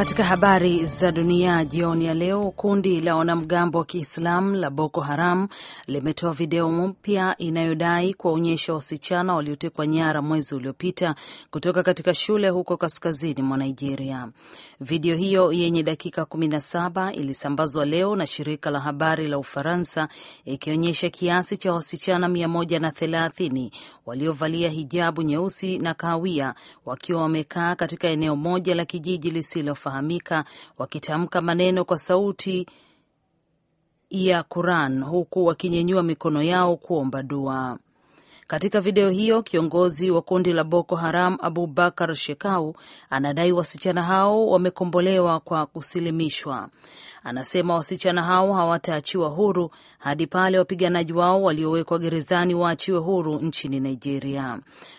Katika habari za dunia jioni ya leo, kundi la wanamgambo wa Kiislamu la Boko Haram limetoa video mpya inayodai kuwaonyesha wasichana waliotekwa nyara mwezi uliopita kutoka katika shule huko kaskazini mwa Nigeria. Video hiyo yenye dakika 17 ilisambazwa leo na shirika la habari la Ufaransa ikionyesha kiasi cha wasichana 130 waliovalia hijabu nyeusi na kahawia wakiwa wamekaa katika eneo moja la kijiji lisilo wanaofahamika wakitamka maneno kwa sauti ya Quran huku wakinyenyua mikono yao kuomba dua. Katika video hiyo kiongozi wa kundi la Boko Haram Abu Bakar Shekau anadai wasichana hao wamekombolewa kwa kusilimishwa. Anasema wasichana hao hawataachiwa huru hadi pale wapiganaji wao waliowekwa gerezani waachiwe huru nchini Nigeria.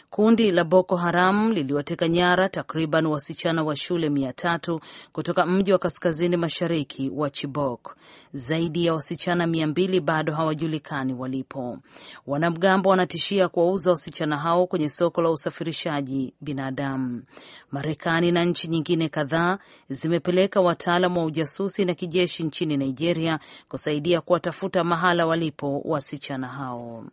Kundi la Boko Haram liliwateka nyara takriban wasichana wa shule mia tatu kutoka mji wa kaskazini mashariki wa Chibok. Zaidi ya wasichana mia mbili bado hawajulikani walipo. Wanamgambo wanatishia kuwauza wasichana hao kwenye soko la usafirishaji binadamu. Marekani na nchi nyingine kadhaa zimepeleka wataalam wa ujasusi na kijeshi nchini Nigeria kusaidia kuwatafuta mahala walipo wasichana hao.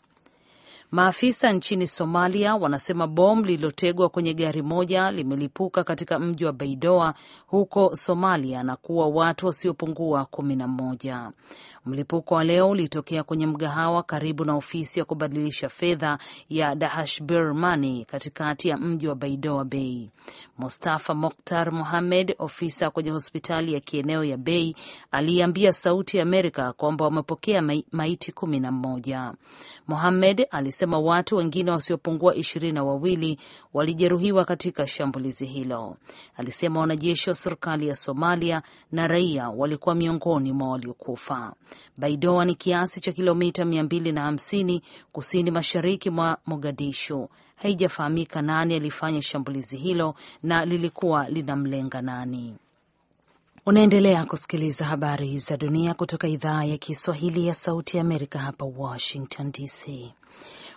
Maafisa nchini Somalia wanasema bomu lililotegwa kwenye gari moja limelipuka katika mji wa beidoa huko Somalia na kuwa watu wasiopungua kumi na moja. Mlipuko wa leo ulitokea kwenye mgahawa karibu na ofisi ya kubadilisha fedha ya Dahashbir katikati ya mji wa Baidoa Bei. Mustafa Mokhtar Mohamed, ofisa kwenye hospitali ya kieneo ya Bei, aliambia Sauti ya Amerika kwamba wamepokea maiti kumi na mmoja. Mohamed ali amesema watu wengine wasiopungua ishirini na wawili walijeruhiwa katika shambulizi hilo. Alisema wanajeshi wa serikali ya Somalia na raia walikuwa miongoni mwa waliokufa. Baidoa ni kiasi cha kilomita 250 kusini mashariki mwa Mogadishu. Haijafahamika nani alifanya shambulizi hilo na lilikuwa linamlenga nani. Unaendelea kusikiliza habari za dunia kutoka idhaa ya Kiswahili ya Sauti ya Amerika hapa Washington DC.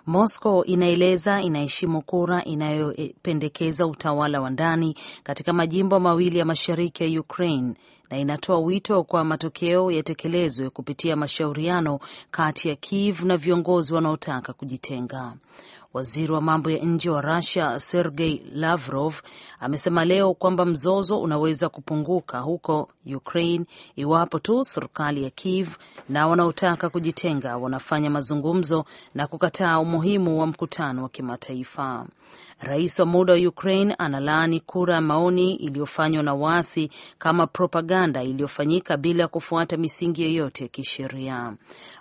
Moscow inaeleza inaheshimu kura inayopendekeza utawala wa ndani katika majimbo mawili ya mashariki ya Ukraine na inatoa wito kwa matokeo yatekelezwe kupitia mashauriano kati ya Kiev na viongozi wanaotaka kujitenga. Waziri wa mambo ya nje wa Rusia Sergei Lavrov amesema leo kwamba mzozo unaweza kupunguka huko Ukraine iwapo tu serikali ya Kiev na wanaotaka kujitenga wanafanya mazungumzo na kukataa umuhimu wa mkutano wa kimataifa. Rais wa muda wa Ukraine analaani kura ya maoni iliyofanywa na waasi kama propaganda iliyofanyika bila kufuata misingi yoyote ya kisheria.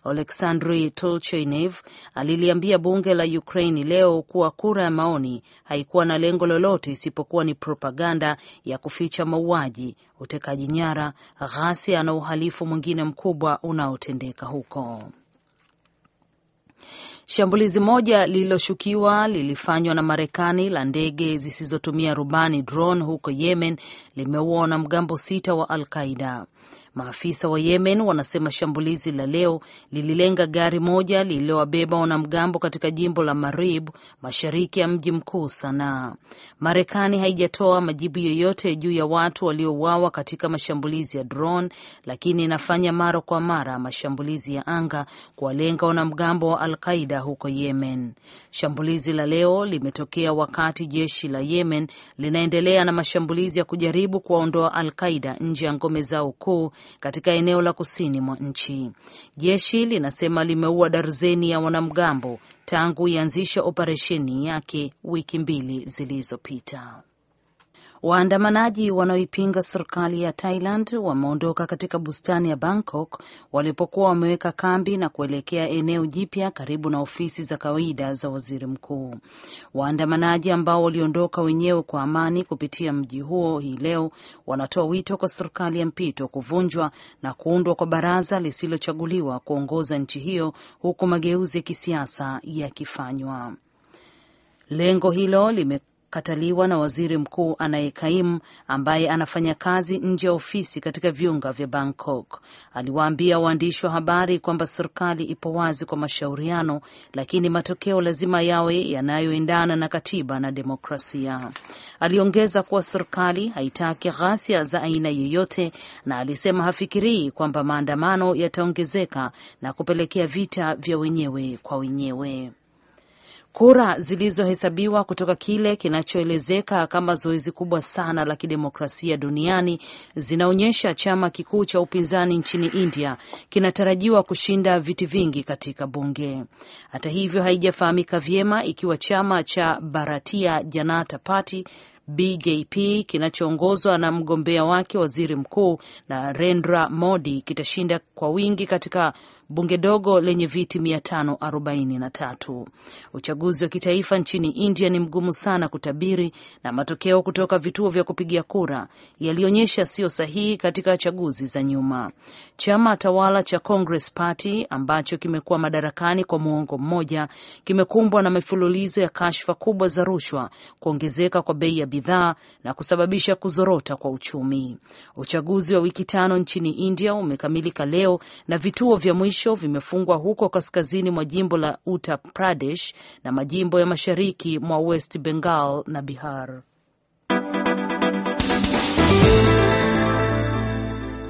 Oleksandri Tolchenev aliliambia bunge la Ukraine leo kuwa kura ya maoni haikuwa na lengo lolote isipokuwa ni propaganda ya kuficha mauaji, utekaji nyara, ghasia na uhalifu mwingine mkubwa unaotendeka huko. Shambulizi moja lililoshukiwa lilifanywa na Marekani la ndege zisizotumia rubani drone huko Yemen limeua wanamgambo sita wa Al Qaida. Maafisa wa Yemen wanasema shambulizi la leo lililenga gari moja lililowabeba wanamgambo katika jimbo la Marib, mashariki ya mji mkuu Sanaa. Marekani haijatoa majibu yoyote juu ya watu waliouawa katika mashambulizi ya drone, lakini inafanya mara kwa mara mashambulizi ya anga kuwalenga wanamgambo wa Alqaida huko Yemen. Shambulizi la leo limetokea wakati jeshi la Yemen linaendelea na mashambulizi ya kujaribu kuwaondoa Alqaida nje ya ngome zao kuu katika eneo la kusini mwa nchi. Jeshi linasema limeua darzeni ya wanamgambo tangu ianzisha operesheni yake wiki mbili zilizopita. Waandamanaji wanaoipinga serikali ya Thailand wameondoka katika bustani ya Bangkok walipokuwa wameweka kambi na kuelekea eneo jipya karibu na ofisi za kawaida za waziri mkuu. Waandamanaji ambao waliondoka wenyewe kwa amani kupitia mji huo hii leo wanatoa wito kwa serikali ya mpito kuvunjwa na kuundwa kwa baraza lisilochaguliwa kuongoza nchi hiyo huku mageuzi ya kisiasa yakifanywa. Lengo hilo lime kataliwa na waziri mkuu anayekaimu ambaye anafanya kazi nje ya ofisi katika viunga vya Bangkok. Aliwaambia waandishi wa habari kwamba serikali ipo wazi kwa mashauriano, lakini matokeo lazima yawe yanayoendana na katiba na demokrasia. Aliongeza kuwa serikali haitaki ghasia za aina yoyote, na alisema hafikirii kwamba maandamano yataongezeka na kupelekea vita vya wenyewe kwa wenyewe kura zilizohesabiwa kutoka kile kinachoelezeka kama zoezi kubwa sana la kidemokrasia duniani zinaonyesha chama kikuu cha upinzani nchini India kinatarajiwa kushinda viti vingi katika bunge. Hata hivyo, haijafahamika vyema ikiwa chama cha Bharatiya Janata Party BJP kinachoongozwa na mgombea wake waziri mkuu Narendra Modi kitashinda kwa wingi katika bunge dogo lenye viti 543. Uchaguzi wa kitaifa nchini India ni mgumu sana kutabiri, na matokeo kutoka vituo vya kupigia kura yalionyesha sio sahihi katika chaguzi za nyuma. Chama tawala cha Congress Party ambacho kimekuwa madarakani kwa muongo mmoja kimekumbwa na mifululizo ya kashfa kubwa za rushwa, kuongezeka kwa bei ya bidhaa na kusababisha kuzorota kwa uchumi. Uchaguzi wa wiki tano nchini India umekamilika leo na vituo vya mwisho mwisho vimefungwa huko kaskazini mwa jimbo la Uttar Pradesh na majimbo ya mashariki mwa West Bengal na Bihar.